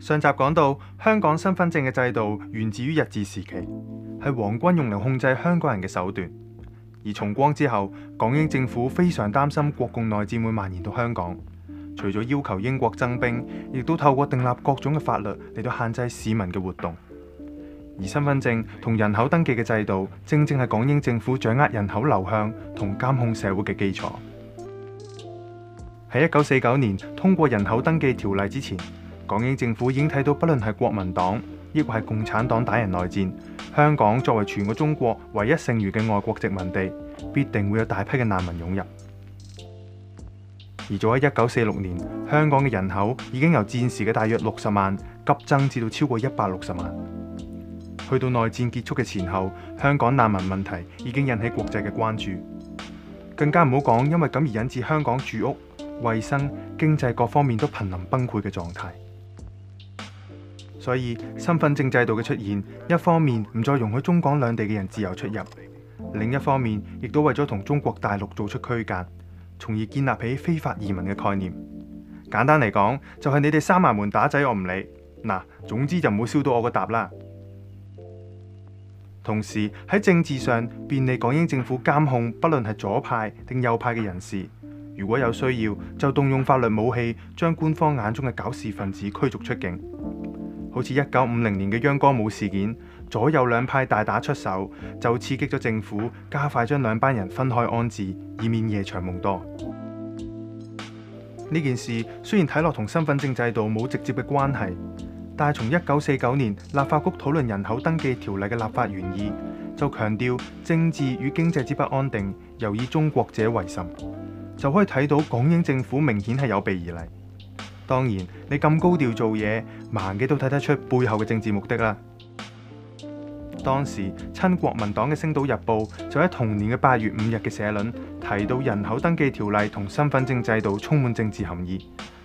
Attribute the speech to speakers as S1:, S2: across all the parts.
S1: 上集講到香港身份證嘅制度源自於日治時期，係皇軍用嚟控制香港人嘅手段。而重光之後，港英政府非常擔心國共內戰會蔓延到香港，除咗要求英國增兵，亦都透過訂立各種嘅法律嚟到限制市民嘅活動。而身份證同人口登記嘅制度，正正係港英政府掌握人口流向同監控社會嘅基礎。喺一九四九年通過人口登記條例之前，港英政府已經睇到，不論係國民黨，亦或係共產黨打人內戰，香港作為全個中國唯一剩餘嘅外國殖民地，必定會有大批嘅難民湧入。而早喺一九四六年，香港嘅人口已經由戰時嘅大約六十萬急增至到超過一百六十萬。去到內戰結束嘅前後，香港難民問題已經引起國際嘅關注，更加唔好講，因為咁而引致香港住屋、衛生、經濟各方面都瀕臨崩潰嘅狀態。所以身份證制度嘅出現，一方面唔再容許中港兩地嘅人自由出入，另一方面亦都為咗同中國大陸做出區隔，從而建立起非法移民嘅概念。簡單嚟講，就係、是、你哋閂埋門打仔，我唔理嗱，總之就唔好燒到我個答啦。同時喺政治上便利港英政府監控，不論係左派定右派嘅人士，如果有需要就動用法律武器將官方眼中嘅搞事分子驅逐出境。好似一九五零年嘅秧歌舞事件，左右兩派大打出手，就刺激咗政府加快將兩班人分開安置，以免夜長夢多。呢件事雖然睇落同身份證制度冇直接嘅關係。但係，從一九四九年立法局討論人口登記條例嘅立法原意，就強調政治與經濟之不安定，又以中國者為甚，就可以睇到港英政府明顯係有備而嚟。當然，你咁高調做嘢，盲嘅都睇得出背後嘅政治目的啦。當時親國民黨嘅《星島日報》就喺同年嘅八月五日嘅社論提到，人口登記條例同身份證制度充滿政治含義，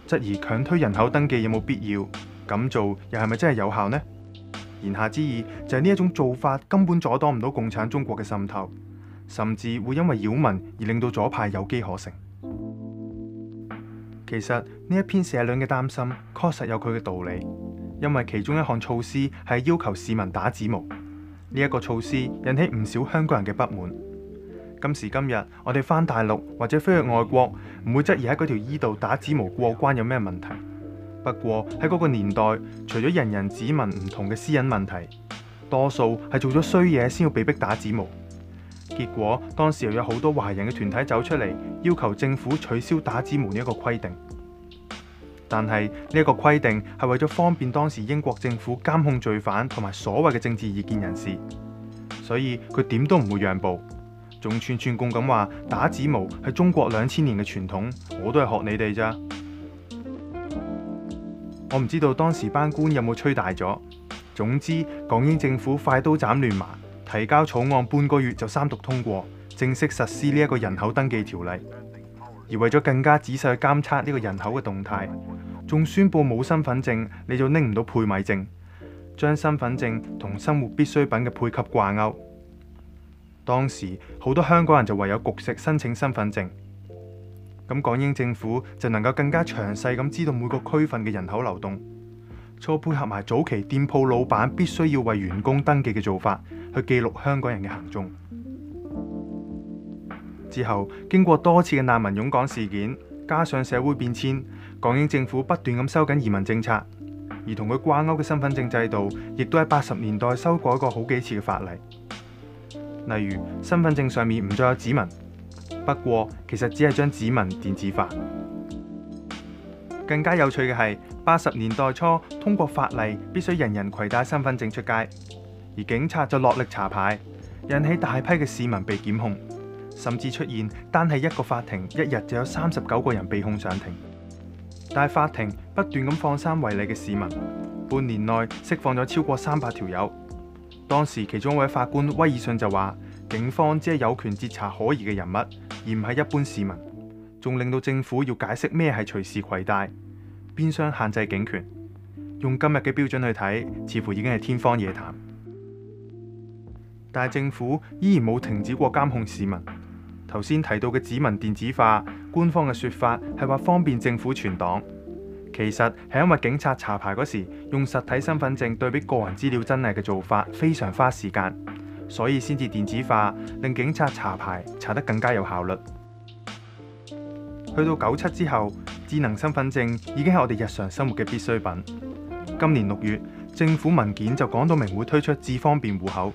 S1: 質疑強推人口登記有冇必要。咁做又係咪真係有效呢？言下之意就係呢一種做法根本阻擋唔到共產中國嘅滲透，甚至會因為擾民而令到左派有機可乘。其實呢一篇社論嘅擔心確實有佢嘅道理，因為其中一項措施係要求市民打指模，呢、這、一個措施引起唔少香港人嘅不滿。今時今日，我哋返大陸或者飛去外國，唔會質疑喺嗰條 e 道打指模過關有咩問題。不過喺嗰個年代，除咗人人指紋唔同嘅私隱問題，多數係做咗衰嘢先要被逼打指模。結果當時又有好多華人嘅團體走出嚟，要求政府取消打指模呢一個規定。但係呢一個規定係為咗方便當時英國政府監控罪犯同埋所謂嘅政治異見人士，所以佢點都唔會讓步，仲串串共咁話：打指模係中國兩千年嘅傳統，我都係學你哋咋。我唔知道當時班官有冇吹大咗。總之，港英政府快刀斬亂麻，提交草案半個月就三讀通過，正式實施呢一個人口登記條例。而為咗更加仔細監測呢個人口嘅動態，仲宣布冇身份證你就拎唔到配米證，將身份證同生活必需品嘅配給掛鈎。當時好多香港人就唯有焗住申請身份證。咁港英政府就能夠更加詳細咁知道每個區份嘅人口流動，再配合埋早期店鋪老闆必須要為員工登記嘅做法，去記錄香港人嘅行蹤。之後經過多次嘅難民湧港事件，加上社會變遷，港英政府不斷咁收緊移民政策，而同佢掛鈎嘅身份證制度，亦都喺八十年代修改過好幾次嘅法例，例如身份證上面唔再有指紋。不過，其實只係將指紋電子化。更加有趣嘅係，八十年代初通過法例，必須人人攜帶身份證出街，而警察就落力查牌，引起大批嘅市民被檢控，甚至出現單係一個法庭一日就有三十九個人被控上庭。但是法庭不斷咁放生違例嘅市民，半年內釋放咗超過三百條友。當時其中一位法官威爾遜就話。警方只係有權截查可疑嘅人物，而唔係一般市民，仲令到政府要解釋咩係隨時攜帶，變相限制警權。用今日嘅標準去睇，似乎已經係天方夜譚。但係政府依然冇停止過監控市民。頭先提到嘅指紋電子化，官方嘅説法係話方便政府存檔，其實係因為警察查牌嗰時用實體身份證對比個人資料真偽嘅做法非常花時間。所以先至電子化，令警察查牌查得更加有效率。去到九七之後，智能身份證已經係我哋日常生活嘅必需品。今年六月，政府文件就講到明會推出智方便戶口，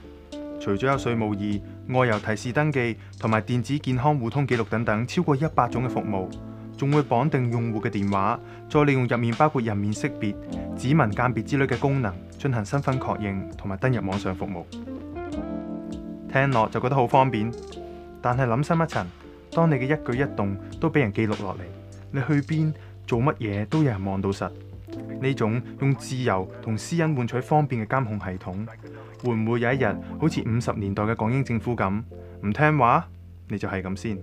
S1: 除咗有稅務易、外遊提示登記同埋電子健康互通記錄等等超過一百種嘅服務，仲會綁定用戶嘅電話，再利用入面包括人面識別、指紋鑑別之類嘅功能進行身份確認同埋登入網上服務。聽落就覺得好方便，但係諗深一層，當你嘅一舉一動都俾人記錄落嚟，你去邊，做乜嘢都有人望到實。呢種用自由同私隱換取方便嘅監控系統，會唔會有一日好似五十年代嘅港英政府咁？唔聽話你就係咁先。